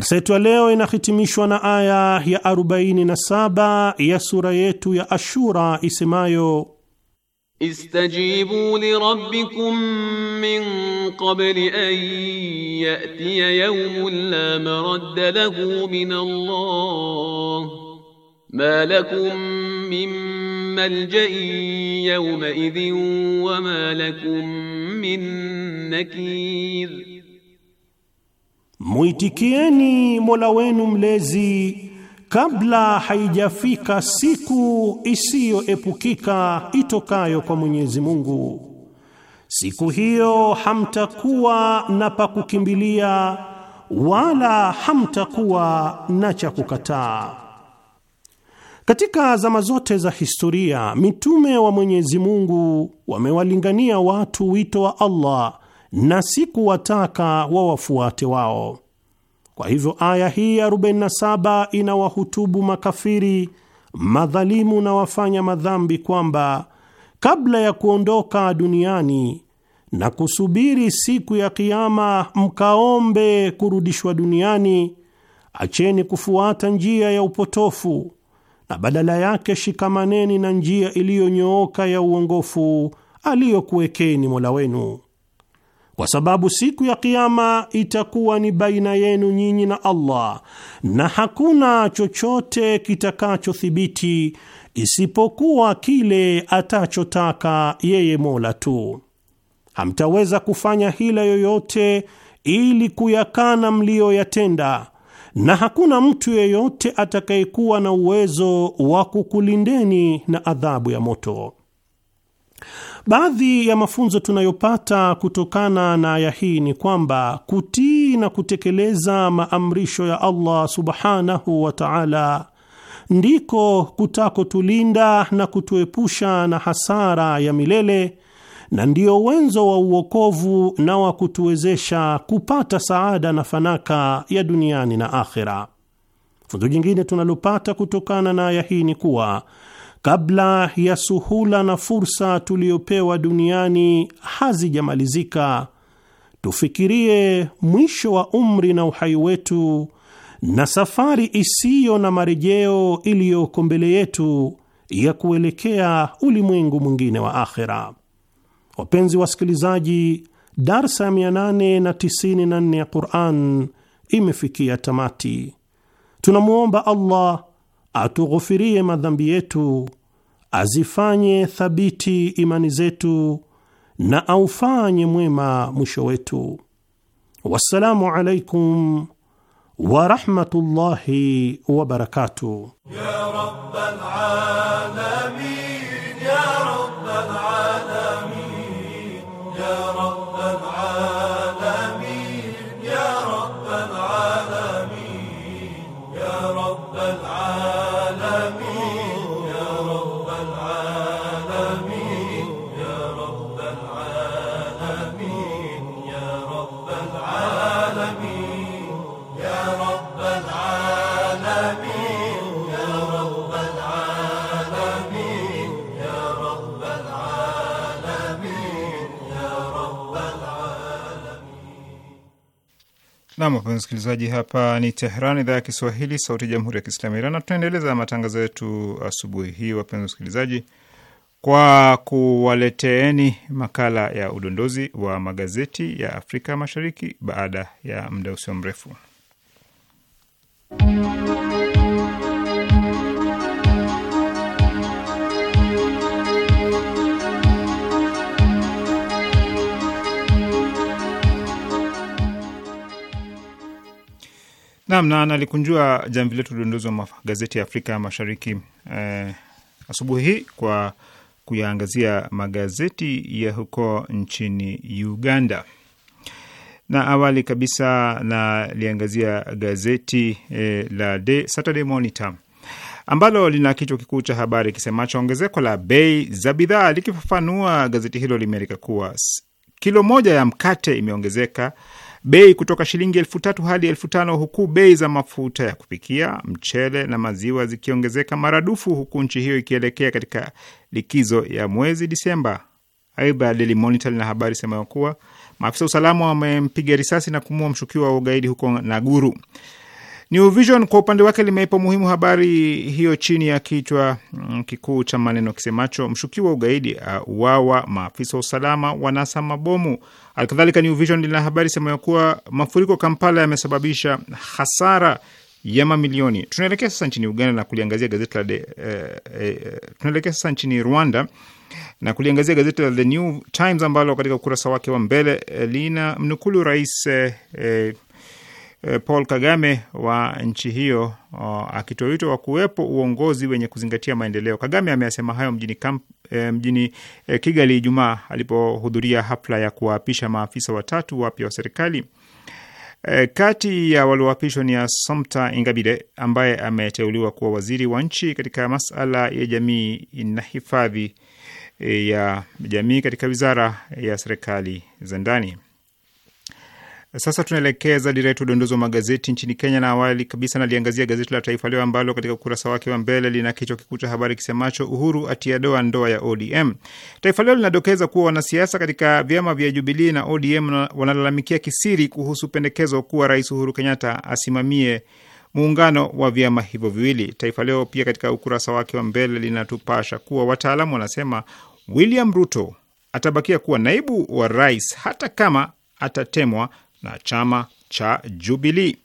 Darsa yetu ya leo inahitimishwa na aya ya 47 ya sura yetu ya Ashura isemayo Istajibu li rabbikum min qabli an yatiya yawmun la maradda lahu min Allah ma lakum min malja'in yawma idhin wa ma lakum min nakir Muitikieni Mola wenu mlezi kabla haijafika siku isiyoepukika itokayo kwa Mwenyezi Mungu. Siku hiyo hamtakuwa na pa kukimbilia wala hamtakuwa na cha kukataa. Katika zama zote za historia mitume wa Mwenyezi Mungu wamewalingania watu wito wa Allah na sikuwataka wa wawafuate wao. Kwa hivyo aya hii ya 47 inawahutubu makafiri, madhalimu na wafanya madhambi kwamba kabla ya kuondoka duniani na kusubiri siku ya Kiama mkaombe kurudishwa duniani, acheni kufuata njia ya upotofu na badala yake shikamaneni na njia iliyonyooka ya uongofu aliyokuwekeni Mola wenu kwa sababu siku ya Kiama itakuwa ni baina yenu nyinyi na Allah, na hakuna chochote kitakachothibiti isipokuwa kile atachotaka yeye Mola tu. Hamtaweza kufanya hila yoyote ili kuyakana mliyoyatenda, na hakuna mtu yeyote atakayekuwa na uwezo wa kukulindeni na adhabu ya moto. Baadhi ya mafunzo tunayopata kutokana na aya hii ni kwamba kutii na kutekeleza maamrisho ya Allah subhanahu wa ta'ala ndiko kutakotulinda na kutuepusha na hasara ya milele na ndiyo wenzo wa uokovu na wa kutuwezesha kupata saada na fanaka ya duniani na akhera. Funzo jingine tunalopata kutokana na aya hii ni kuwa kabla ya suhula na fursa tuliyopewa duniani hazijamalizika, tufikirie mwisho wa umri na uhai wetu na safari isiyo na marejeo iliyoko mbele yetu ya kuelekea ulimwengu mwingine wa akhera. Wapenzi wasikilizaji, darsa ya 894 ya Quran imefikia tamati. Tunamwomba Allah atughufirie madhambi yetu, azifanye thabiti imani zetu, na aufanye mwema mwisho wetu. Wassalamu alaikum warahmatullahi wabarakatuh ya rabbal alamin. msikilizaji, hapa ni Tehran, idhaa ya Kiswahili, sauti ya jamhuri ya kiislamu ya Iran, na tunaendeleza matangazo yetu asubuhi hii, wapenzi msikilizaji, kwa kuwaleteeni makala ya udondozi wa magazeti ya Afrika Mashariki baada ya muda usio mrefu. Naam, na nalikunjua jamvi letu udondozi wa magazeti ya Afrika ya Mashariki eh, asubuhi hii kwa kuyaangazia magazeti ya huko nchini Uganda, na awali kabisa naliangazia gazeti eh, la The Saturday Monitor ambalo lina kichwa kikuu cha habari kisemacho ongezeko la bei za bidhaa. Likifafanua, gazeti hilo limeandika kuwa kilo moja ya mkate imeongezeka bei kutoka shilingi elfu tatu hadi elfu tano huku bei za mafuta ya kupikia, mchele na maziwa zikiongezeka maradufu, huku nchi hiyo ikielekea katika likizo ya mwezi Disemba. Aidha, Daily Monitor lina habari semayo kuwa maafisa usalama wamempiga risasi na kumua mshukiwa wa ugaidi huko Naguru. New Vision kwa upande wake limeipa umuhimu habari hiyo chini ya kichwa mm, kikuu cha maneno kisemacho mshukiwa ugaidi auawa, maafisa wa usalama wanasa mabomu. Alkadhalika, New Vision lina habari semayo kuwa mafuriko Kampala yamesababisha hasara ya mamilioni. Tunaelekea sasa nchini Uganda na kuliangazia gazeti la de, eh, eh, tunaelekea sasa nchini Rwanda na kuliangazia gazeti la The New Times ambalo katika ukurasa wake wa mbele eh, lina mnukulu rais eh, eh Eh, Paul Kagame wa nchi hiyo akitoa wito wa kuwepo uongozi wenye kuzingatia maendeleo. Kagame ameyasema hayo mjini, kamp, eh, mjini eh, Kigali Ijumaa alipohudhuria hafla ya kuwaapisha maafisa watatu wapya wa serikali. Eh, kati ya walioapishwa ni Assumpta Ingabire ambaye ameteuliwa kuwa waziri wa nchi katika masala ya jamii na hifadhi eh, ya jamii katika wizara ya serikali za ndani. Sasa tunaelekeza dira yetu udondozi wa magazeti nchini Kenya, na awali kabisa naliangazia gazeti la Taifa Leo ambalo katika ukurasa wake wa mbele lina kichwa kikuu cha habari kisemacho Uhuru atia doa ndoa ya ODM. Taifa Leo linadokeza kuwa wanasiasa katika vyama vya Jubilii na ODM wanalalamikia kisiri kuhusu pendekezo kuwa Rais Uhuru Kenyatta asimamie muungano wa vyama hivyo viwili. Taifa Leo pia katika ukurasa wake wa mbele linatupasha kuwa wataalamu wanasema William Ruto atabakia kuwa naibu wa rais hata kama atatemwa na chama cha Jubilii.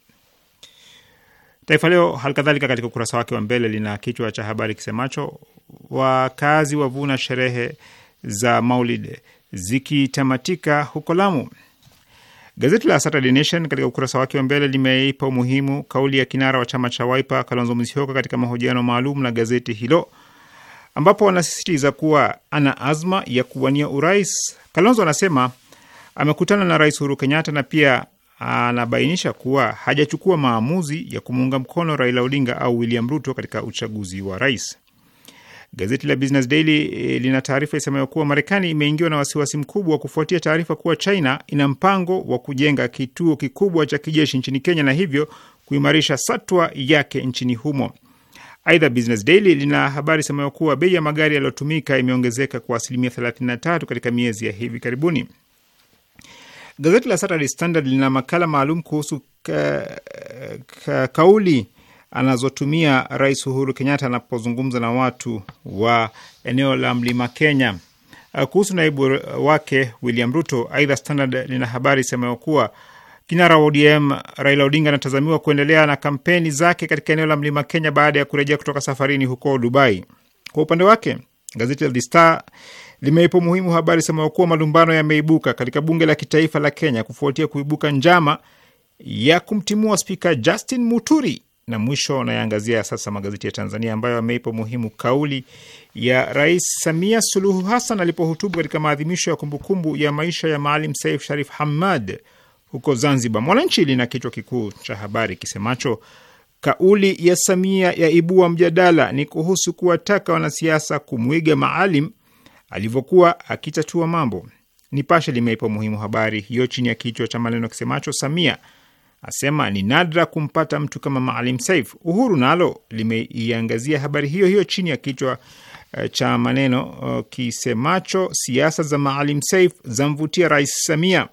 Taifa Leo halikadhalika, katika ukurasa wake wa mbele lina kichwa cha habari kisemacho wakazi wavuna sherehe za Maulid zikitamatika huko Lamu. Gazeti la Saturday Nation katika ukurasa wake wa mbele limeipa umuhimu kauli ya kinara wa chama cha Wiper Kalonzo Musyoka katika mahojiano maalum na gazeti hilo, ambapo anasisitiza kuwa ana azma ya kuwania urais. Kalonzo anasema amekutana na Rais Uhuru Kenyatta na pia anabainisha kuwa hajachukua maamuzi ya kumuunga mkono Raila Odinga au William Ruto katika uchaguzi wa rais. Gazeti la Business Daily e, lina taarifa isemayo kuwa Marekani imeingiwa na wasiwasi mkubwa wa kufuatia taarifa kuwa China ina mpango wa kujenga kituo kikubwa cha kijeshi nchini Kenya na hivyo kuimarisha satwa yake nchini humo. Aidha, Business Daily lina habari isemayo kuwa bei ya magari yaliyotumika imeongezeka kwa asilimia 33 katika miezi ya hivi karibuni. Gazeti la Saturday Standard lina makala maalum kuhusu ka, ka, kauli anazotumia Rais Uhuru Kenyatta anapozungumza na watu wa eneo la Mlima Kenya uh, kuhusu naibu wake William Ruto. Aidha, Standard lina habari isemayo kuwa kinara wa ODM Raila Odinga anatazamiwa kuendelea na kampeni zake katika eneo la Mlima Kenya baada ya kurejea kutoka safarini huko Dubai. Kwa upande wake gazeti la The Star limeipa umuhimu habari sema kuwa malumbano yameibuka katika bunge la kitaifa la Kenya kufuatia kuibuka njama ya kumtimua spika Justin Muturi. Na mwisho nayaangazia sasa magazeti ya Tanzania ambayo ameipa muhimu kauli ya Rais Samia Suluhu Hassan alipohutubu katika maadhimisho ya kumbukumbu ya maisha ya Maalim Saif Sharif Hamad huko Zanzibar. Mwananchi lina kichwa kikuu cha habari kisemacho kauli ya Samia ya ibua mjadala, ni kuhusu kuwataka wanasiasa kumwiga Maalim alivyokuwa akitatua mambo. Nipashe limeipa umuhimu habari hiyo chini ya kichwa cha maneno kisemacho Samia asema ni nadra kumpata mtu kama Maalim Saif. Uhuru nalo limeiangazia habari hiyo hiyo chini ya kichwa eh, cha maneno eh, kisemacho siasa za Maalim Saif zamvutia Rais Samia.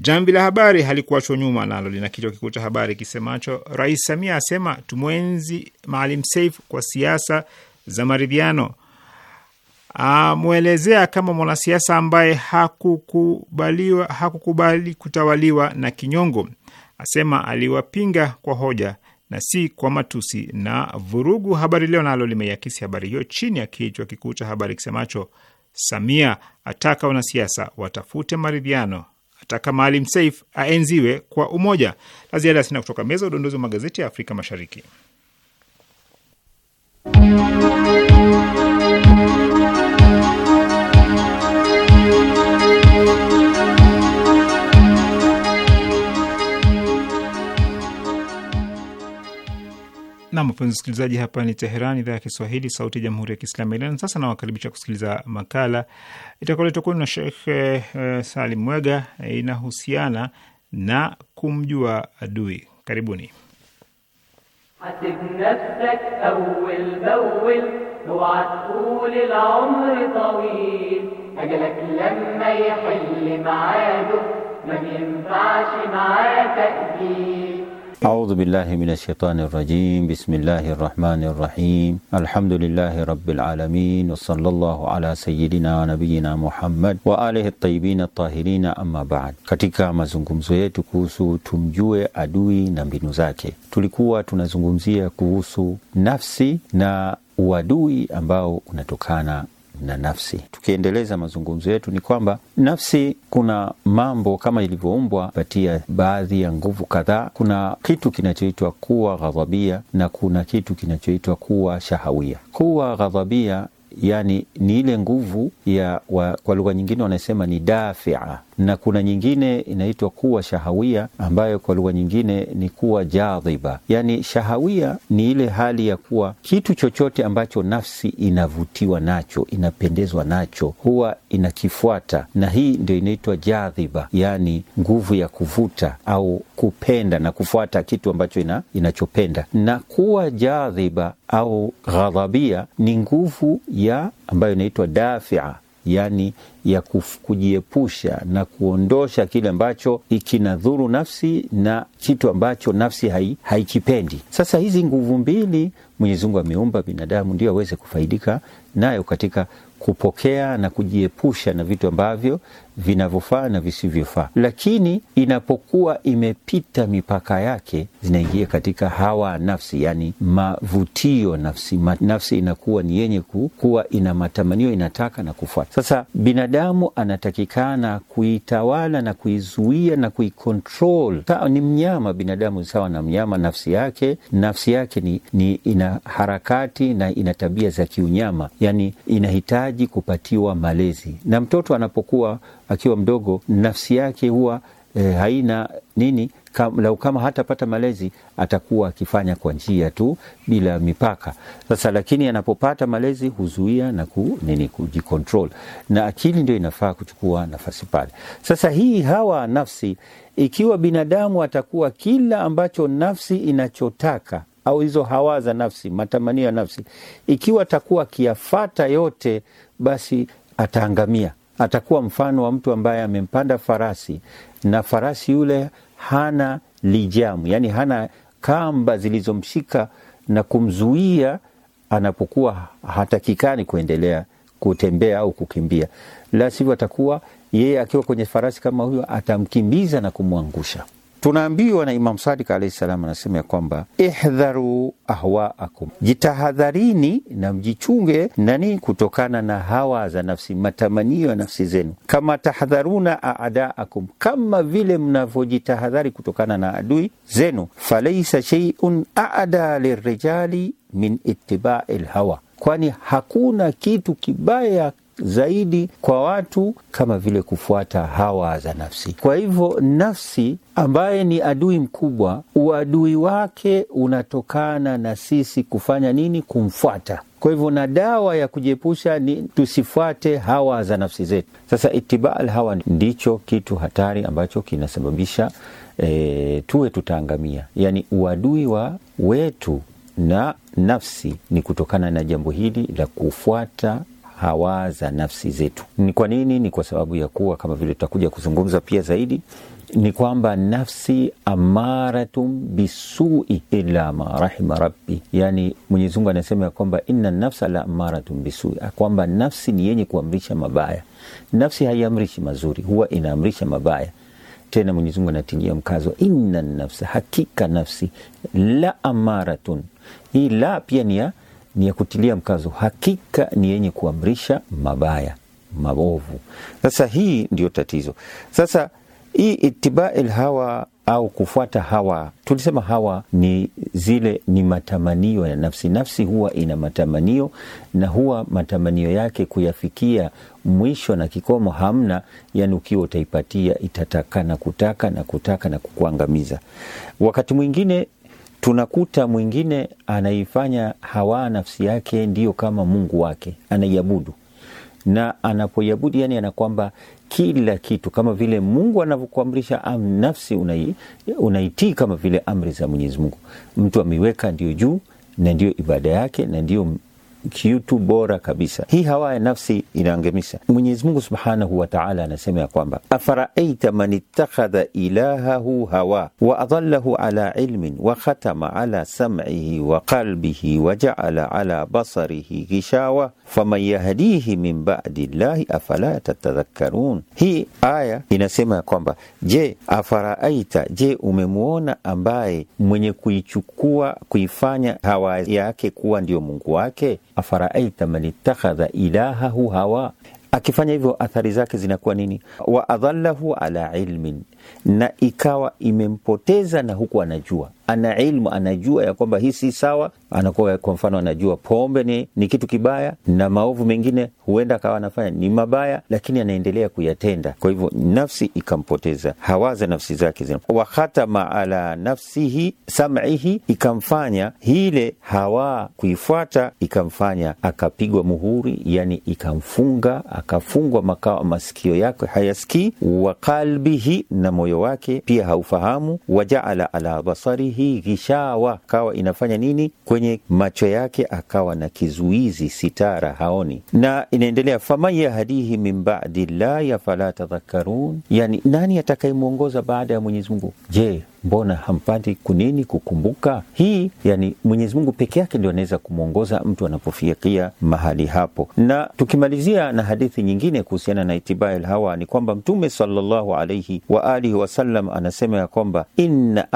Jamvi la Habari halikuachwa nyuma, nalo lina kichwa kikuu cha habari kisemacho Rais Samia asema tumwenzi Maalim Saif kwa siasa za maridhiano amwelezea kama mwanasiasa ambaye hakukubaliwa, hakukubali kutawaliwa na kinyongo. Asema aliwapinga kwa hoja na si kwa matusi na vurugu. Habari Leo nalo limeiakisi habari hiyo chini ya kichwa kikuu cha habari kisemacho Samia ataka wanasiasa watafute maridhiano, ataka Maalim Seif aenziwe kwa umoja. La ziada sina kutoka meza udondozi wa magazeti ya Afrika Mashariki. Na mpenzi msikilizaji, hapa ni Teheran, idhaa ya Kiswahili, sauti ya jamhuri ya kiislamu ya Iran. Sasa nawakaribisha kusikiliza makala itakaoletwa kwenu na shekh eh, eh, Salim Mwega. Inahusiana na kumjua adui. Karibuni. أعوذ بالله من الشيطان الرجيم بسم الله الرحمن الرحيم الحمد لله رب العالمين وصلى الله على سيدنا ونبينا Muhammad wa alihi tayyibina tahirina amma ba'd. Katika mazungumzo yetu kuhusu tumjue adui na mbinu zake, tulikuwa tunazungumzia kuhusu nafsi na uadui ambao unatokana na nafsi. Tukiendeleza mazungumzo yetu, ni kwamba nafsi, kuna mambo kama ilivyoumbwa, patia baadhi ya nguvu kadhaa. Kuna kitu kinachoitwa kuwa ghadhabia na kuna kitu kinachoitwa kuwa shahawia. Kuwa ghadhabia yani ni ile nguvu ya wa, kwa lugha nyingine wanasema ni dafia, na kuna nyingine inaitwa kuwa shahawia, ambayo kwa lugha nyingine ni kuwa jadhiba. Yani shahawia ni ile hali ya kuwa kitu chochote ambacho nafsi inavutiwa nacho, inapendezwa nacho, huwa inakifuata, na hii ndio inaitwa jadhiba, yani nguvu ya kuvuta au kupenda na kufuata kitu ambacho ina, inachopenda. Na kuwa jadhiba au ghadhabia ni nguvu ya ya ambayo inaitwa dafia yani ya kujiepusha na kuondosha kile ambacho ikinadhuru nafsi na kitu ambacho nafsi hai, haikipendi. Sasa hizi nguvu mbili Mwenyezi Mungu ameumba binadamu ndio aweze kufaidika nayo katika kupokea na kujiepusha na vitu ambavyo vinavyofaa na visivyofaa, lakini inapokuwa imepita mipaka yake zinaingia katika hawa nafsi, yani mavutio nafsi. Ma, nafsi inakuwa ni yenye ku, kuwa ina matamanio, inataka na kufuata. Sasa binadamu anatakikana kuitawala na kuizuia na kuikontrol. Ni mnyama binadamu, sawa na mnyama nafsi yake. Nafsi yake ni, ni ina harakati na ina tabia za kiunyama, yani inahitaji kupatiwa malezi, na mtoto anapokuwa akiwa mdogo, nafsi yake huwa e, haina nini kam, lau kama hatapata malezi atakuwa akifanya kwa njia tu bila mipaka. Sasa lakini anapopata malezi huzuia na ku, nini kujikontrol, na akili ndio inafaa kuchukua nafasi pale. Sasa hii hawa nafsi, ikiwa binadamu atakuwa kila ambacho nafsi inachotaka au hizo hawa za nafsi, matamanio ya nafsi, ikiwa atakuwa akiyafata yote, basi ataangamia atakuwa mfano wa mtu ambaye amempanda farasi na farasi yule hana lijamu, yaani hana kamba zilizomshika na kumzuia anapokuwa hatakikani kuendelea kutembea au kukimbia, la sivyo atakuwa yeye akiwa kwenye farasi kama huyo atamkimbiza na kumwangusha. Tunaambiwa na Imam Sadik alaihi salam, anasema ya kwamba ihdharu ahwaakum, jitahadharini na mjichunge nani, kutokana na hawa za nafsi, matamanio ya nafsi zenu, kama tahdharuna aadaakum, kama vile mnavyojitahadhari kutokana na adui zenu. Falaisa sheiun ada lirijali min itibai lhawa, kwani hakuna kitu kibaya zaidi kwa watu kama vile kufuata hawa za nafsi. Kwa hivyo nafsi ambaye ni adui mkubwa, uadui wake unatokana na sisi kufanya nini? Kumfuata. Kwa hivyo na dawa ya kujiepusha ni tusifuate hawa za nafsi zetu. Sasa itibaal al hawa ndicho kitu hatari ambacho kinasababisha e, tuwe tutaangamia, yaani uadui wa wetu na nafsi ni kutokana na jambo hili la kufuata hawa za nafsi zetu. Ni kwa nini? Ni kwa sababu ya kuwa kama vile tutakuja kuzungumza pia zaidi ni kwamba nafsi amaratum bisui ila ma rahima rabbi, yani Mwenyezi Mungu anasema ya kwamba inna nafsa la amaratum bisui, kwamba nafsi ni yenye kuamrisha mabaya. Nafsi haiamrishi mazuri, huwa inaamrisha mabaya. Tena Mwenyezi Mungu anatingia mkazo inna nafsa, hakika nafsi la amaratun. Hii la pia ni ya ni ya kutilia mkazo, hakika ni yenye kuamrisha mabaya mabovu. Sasa hii ndiyo tatizo. Sasa hii itibail hawa au kufuata hawa, tulisema hawa ni zile ni matamanio ya nafsi. Nafsi huwa ina matamanio na huwa matamanio yake kuyafikia mwisho na kikomo hamna, yani ukiwa utaipatia itataka na kutaka na kutaka na kukuangamiza. Wakati mwingine tunakuta mwingine anaifanya hawa nafsi yake ndiyo kama Mungu wake, anaiabudu na anapoiabudu, yani ana kwamba kila kitu kama vile Mungu anavyokuamrisha, nafsi unaitii unai kama vile amri za Mwenyezi Mungu. Mtu ameiweka ndio juu na ndio ibada yake na ndio kitu bora kabisa. Hii hawa ya nafsi inaangemisha. Mwenyezi Mungu subhanahu wa taala anasema ya kwamba afaraaita man ittakhadha ilahahu hawa wa adallahu ala ilmin wa khatama ala sam'ihi wa qalbihi wa jaala ala basarihi gishawa faman yahdihi min ba'di llahi afala tatadhakkarun. Hii aya inasema ya kwamba je, afaraaita, je umemwona ambaye mwenye kuichukua kuifanya hawa yake kuwa ndio Mungu wake afaraaita man ittakhadha ilahahu hawa, akifanya hivyo athari zake zinakuwa nini? Wa adhallahu ala ilmin, na ikawa imempoteza na huku anajua ana ilmu, anajua ya kwamba hii si sawa. Anakuwa kwa mfano, anajua pombe ni, ni kitu kibaya na maovu mengine huenda akawa anafanya ni mabaya, lakini anaendelea kuyatenda. Kwa hivyo nafsi ikampoteza, hawaza nafsi zake zina wakhatama ala nafsihi sam'ihi, ikamfanya hile hawa kuifuata, ikamfanya akapigwa muhuri, yani ikamfunga, akafungwa makao masikio yake hayasikii, wa qalbihi, na moyo wake pia haufahamu, wajaala ala basarihi hii gishawa, kawa inafanya nini kwenye macho yake, akawa na kizuizi sitara, haoni. Na inaendelea faman yahdihi min baadi llahi afala tadhakkarun, yani nani atakayemwongoza baada ya Mwenyezi Mungu? Je, mbona hampati kunini kukumbuka hii? Yani Mwenyezi Mungu peke yake ndio anaweza kumwongoza mtu anapofikia mahali hapo. Na tukimalizia na hadithi nyingine kuhusiana na itibai lhawa ni kwamba Mtume salllahu alaihi waalihi wasallam anasema ya kwamba inna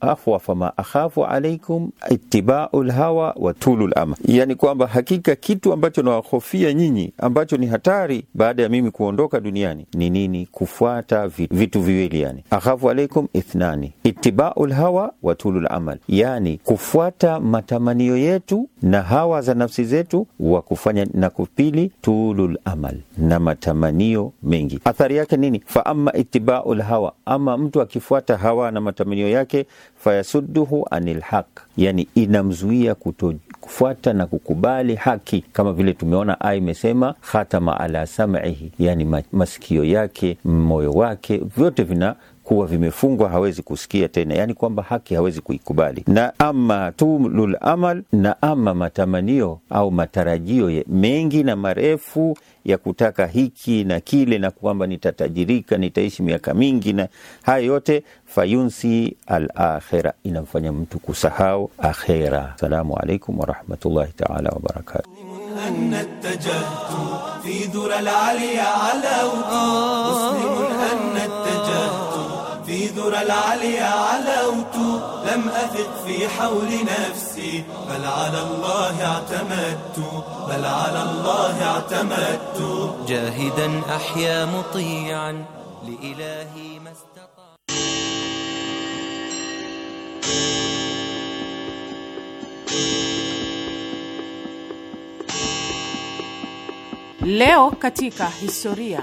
ahwafa ma akhafu alaikum itibau lhawa wa tulu lama, yani kwamba hakika kitu ambacho nawahofia nyinyi ambacho ni hatari baada ya mimi kuondoka duniani ni nini? Kufuata vitu viwili, yani akhafu alaikum ithnani ittiba'ul hawa wa tulul amal, yani kufuata matamanio yetu na hawa za nafsi zetu, wa kufanya na kupili tulul amal na matamanio mengi. Athari yake nini? Fa ama ittiba'ul hawa, ama mtu akifuata hawa na matamanio yake, fayasudduhu anil haq, yani inamzuia kuto kufuata na kukubali haki, kama vile tumeona aya imesema khatama ala sam'ihi, yani masikio yake, moyo wake, vyote vina kuwa vimefungwa, hawezi kusikia tena, yaani kwamba haki hawezi kuikubali. Na ama tulul amal, na ama matamanio au matarajio ye, mengi na marefu ya kutaka hiki na kile na kwamba nitatajirika, nitaishi miaka mingi, na hayo yote fayunsi alakhira, inamfanya mtu kusahau akhira. Assalamu alaikum warahmatullahi taala wabarakatu. درى العلي علوت لم أثق في حول نفسي بل على الله اعتمدت بل على الله اعتمدت جاهدا أحيا مطيعا لإلهي ما استطاع Leo katika historia.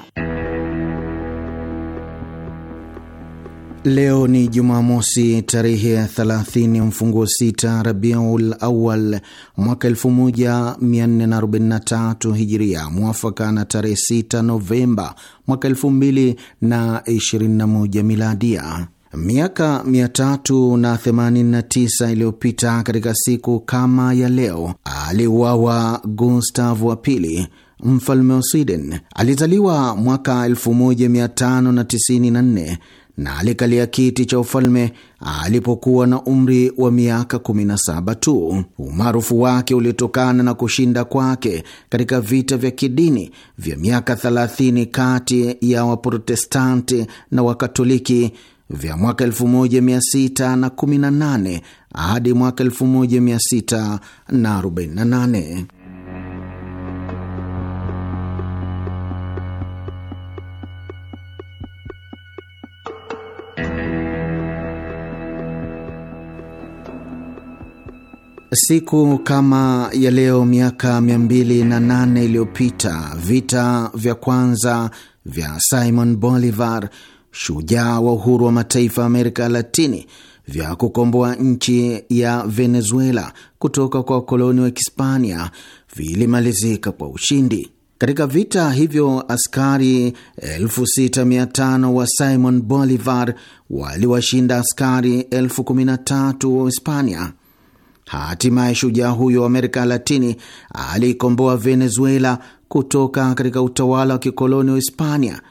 Leo ni Jumamosi, tarehe ya 30 mfunguo sita Rabiul Awal mwaka 1443 Hijiria, mwafaka na tarehe 6 Novemba mwaka 2021 Miladia. Miaka 389 iliyopita katika siku kama ya leo aliuawa Gustav wa pili mfalme wa Sweden. Alizaliwa mwaka 1594 na alikalia kiti cha ufalme alipokuwa na umri wa miaka 17 tu. Umaarufu wake ulitokana na kushinda kwake katika vita vya kidini vya miaka 30 kati ya Waprotestanti na Wakatoliki vya mwaka 1618 hadi mwaka 1648. Siku kama ya leo miaka 208 iliyopita vita vya kwanza vya Simon Bolivar, shujaa wa uhuru wa mataifa ya Amerika Latini, vya kukomboa nchi ya Venezuela kutoka kwa wakoloni wa Kihispania vilimalizika kwa ushindi. Katika vita hivyo askari 6500 wa Simon Bolivar waliwashinda askari 13000 wa Hispania. Hatimaye shujaa huyo wa Amerika Latini aliikomboa Venezuela kutoka katika utawala wa kikoloni wa Hispania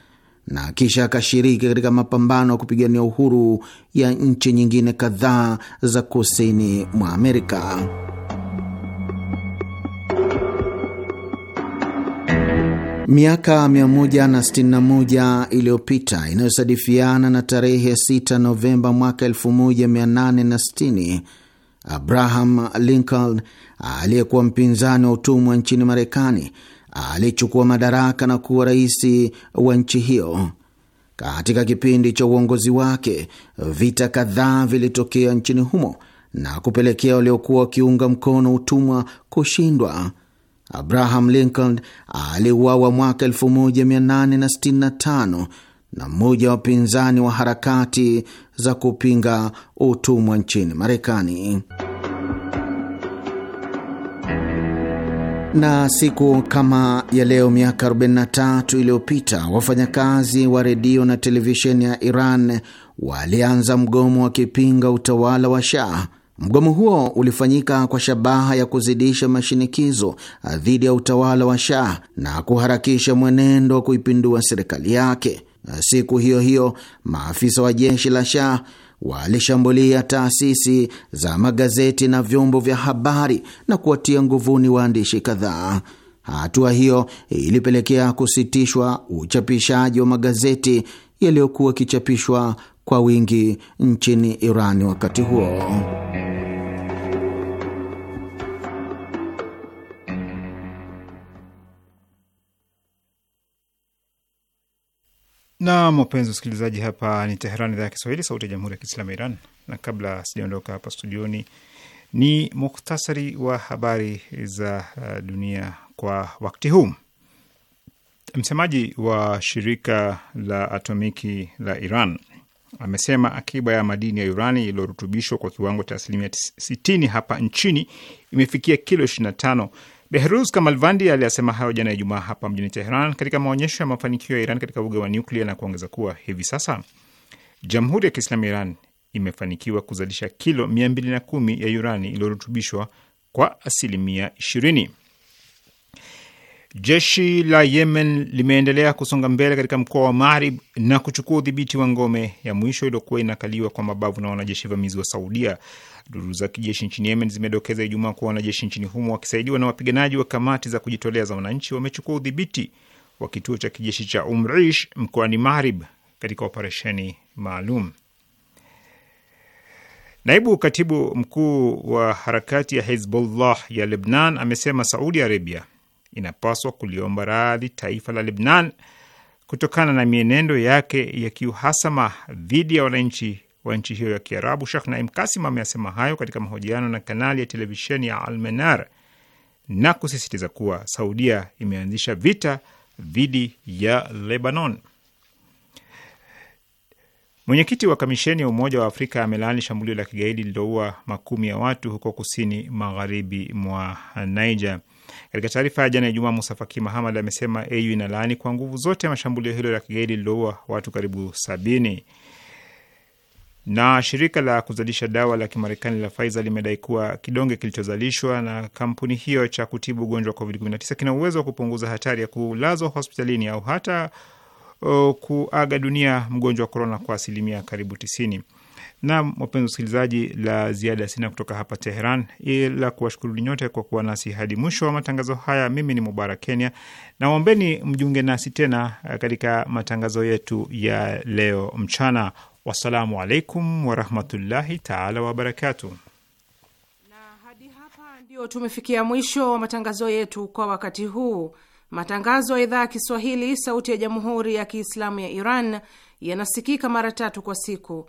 na kisha akashiriki katika mapambano ya kupigania uhuru ya nchi nyingine kadhaa za kusini mwa Amerika. Miaka 161 iliyopita inayosadifiana na tarehe 6 Novemba mwaka 1860 Abraham Lincoln aliyekuwa mpinzani wa utumwa nchini Marekani alichukua madaraka na kuwa rais wa nchi hiyo. Katika kipindi cha uongozi wake, vita kadhaa vilitokea nchini humo na kupelekea waliokuwa wakiunga mkono utumwa kushindwa. Abraham Lincoln aliuawa mwaka 1865 na mmoja wa wapinzani wa harakati za kupinga utumwa nchini Marekani. Na siku kama ya leo miaka 43 iliyopita wafanyakazi wa redio na televisheni ya Iran walianza mgomo wakipinga utawala wa Shah. Mgomo huo ulifanyika kwa shabaha ya kuzidisha mashinikizo dhidi ya utawala wa Shah na kuharakisha mwenendo wa kuipindua serikali yake. Siku hiyo hiyo maafisa wa jeshi la Shah walishambulia taasisi za magazeti na vyombo vya habari na kuwatia nguvuni waandishi kadhaa. Hatua hiyo ilipelekea kusitishwa uchapishaji wa magazeti yaliyokuwa yakichapishwa kwa wingi nchini iran wakati huo. Naam, wapenzi wasikilizaji, hapa ni Teheran, idhaa ya Kiswahili, sauti ya jamhuri ya kiislamu ya Iran. Na kabla sijaondoka hapa studioni, ni muhtasari wa habari za uh, dunia kwa wakati huu. Msemaji wa shirika la atomiki la Iran amesema akiba ya madini ya urani iliyorutubishwa kwa kiwango cha asilimia 60 hapa nchini imefikia kilo 25 Behruz Kamalvandi aliyasema hayo jana Ijumaa hapa mjini Teheran katika maonyesho ya mafanikio ya Iran katika uga wa nyuklia na kuongeza kuwa hivi sasa Jamhuri ya Kiislamu ya Iran imefanikiwa kuzalisha kilo 210 ya urani iliyorutubishwa kwa asilimia 20. Jeshi la Yemen limeendelea kusonga mbele katika mkoa wa Marib na kuchukua udhibiti wa ngome ya mwisho iliyokuwa inakaliwa kwa mabavu na wanajeshi vamizi wa Saudia. Duru za kijeshi nchini Yemen zimedokeza Ijumaa kuwa wanajeshi nchini humo wakisaidiwa na wapiganaji wa kamati za kujitolea za wananchi wamechukua udhibiti wa kituo cha kijeshi cha Umrish mkoani Marib katika operesheni maalum. Naibu katibu mkuu wa harakati ya Hizbullah ya Lebnan amesema Saudi Arabia inapaswa kuliomba radhi taifa la Lebnan kutokana na mienendo yake ya kiuhasama dhidi ya wananchi wa nchi hiyo ya Kiarabu. Shekh Naim Kasim ameasema hayo katika mahojiano na kanali ya televisheni ya Almenar na kusisitiza kuwa Saudia imeanzisha vita dhidi ya Lebanon. Mwenyekiti wa kamisheni ya Umoja wa Afrika amelaani shambulio la kigaidi lililoua makumi ya watu huko kusini magharibi mwa Niger. Katika taarifa ya jana ya Jumaa, Musa Faki Mahamad amesema AU inalaani kwa nguvu zote mashambulio hilo la kigaidi lililoua watu karibu sabini. Na shirika la kuzalisha dawa la Kimarekani la Pfizer limedai kuwa kidonge kilichozalishwa na kampuni hiyo cha kutibu ugonjwa wa COVID-19 kina uwezo wa kupunguza hatari ya kulazwa hospitalini au hata uh, kuaga dunia mgonjwa wa korona kwa asilimia karibu tisini. Naam, wapenzi wasikilizaji, la ziada sina kutoka hapa Teheran ila kuwashukuruni nyote kwa kuwa nasi hadi mwisho wa matangazo haya. Mimi ni Mubarak Kenya na waombeni mjunge nasi tena eh, katika matangazo yetu ya leo mchana. Wassalamu alaikum warahmatullahi taala wabarakatu. Na hadi hapa ndio tumefikia mwisho wa matangazo yetu kwa wakati huu. Matangazo ya idhaa ya Kiswahili sauti ya jamhuri ya Kiislamu ya Iran yanasikika mara tatu kwa siku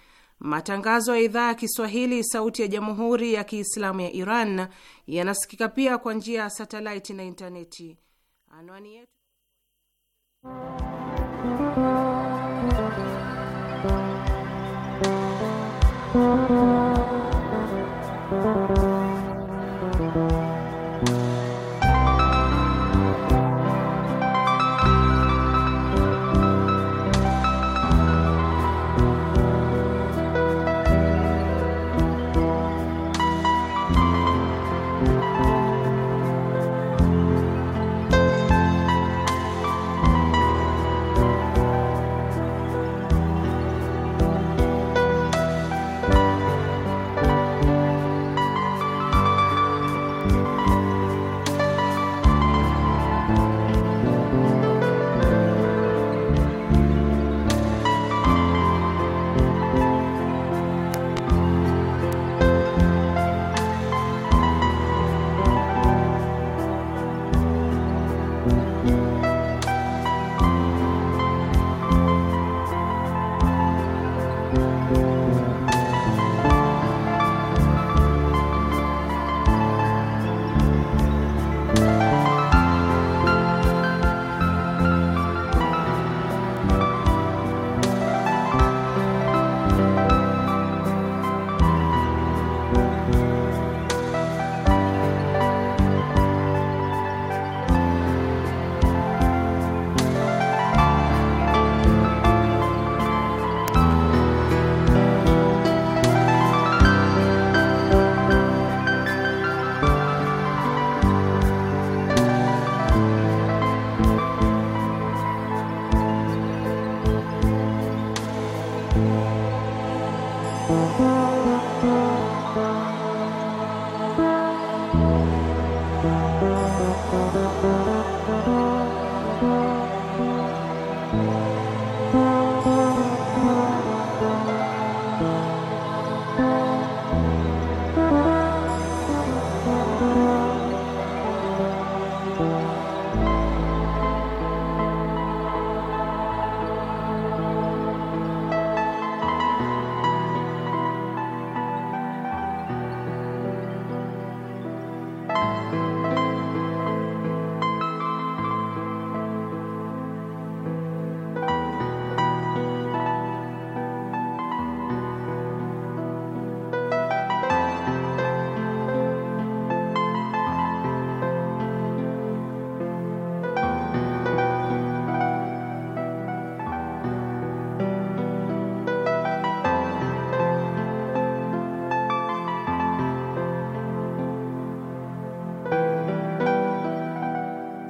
Matangazo ya idhaa ya Kiswahili sauti ya jamhuri ya Kiislamu ya Iran yanasikika pia kwa njia ya satelaiti na intaneti. Anwani yetu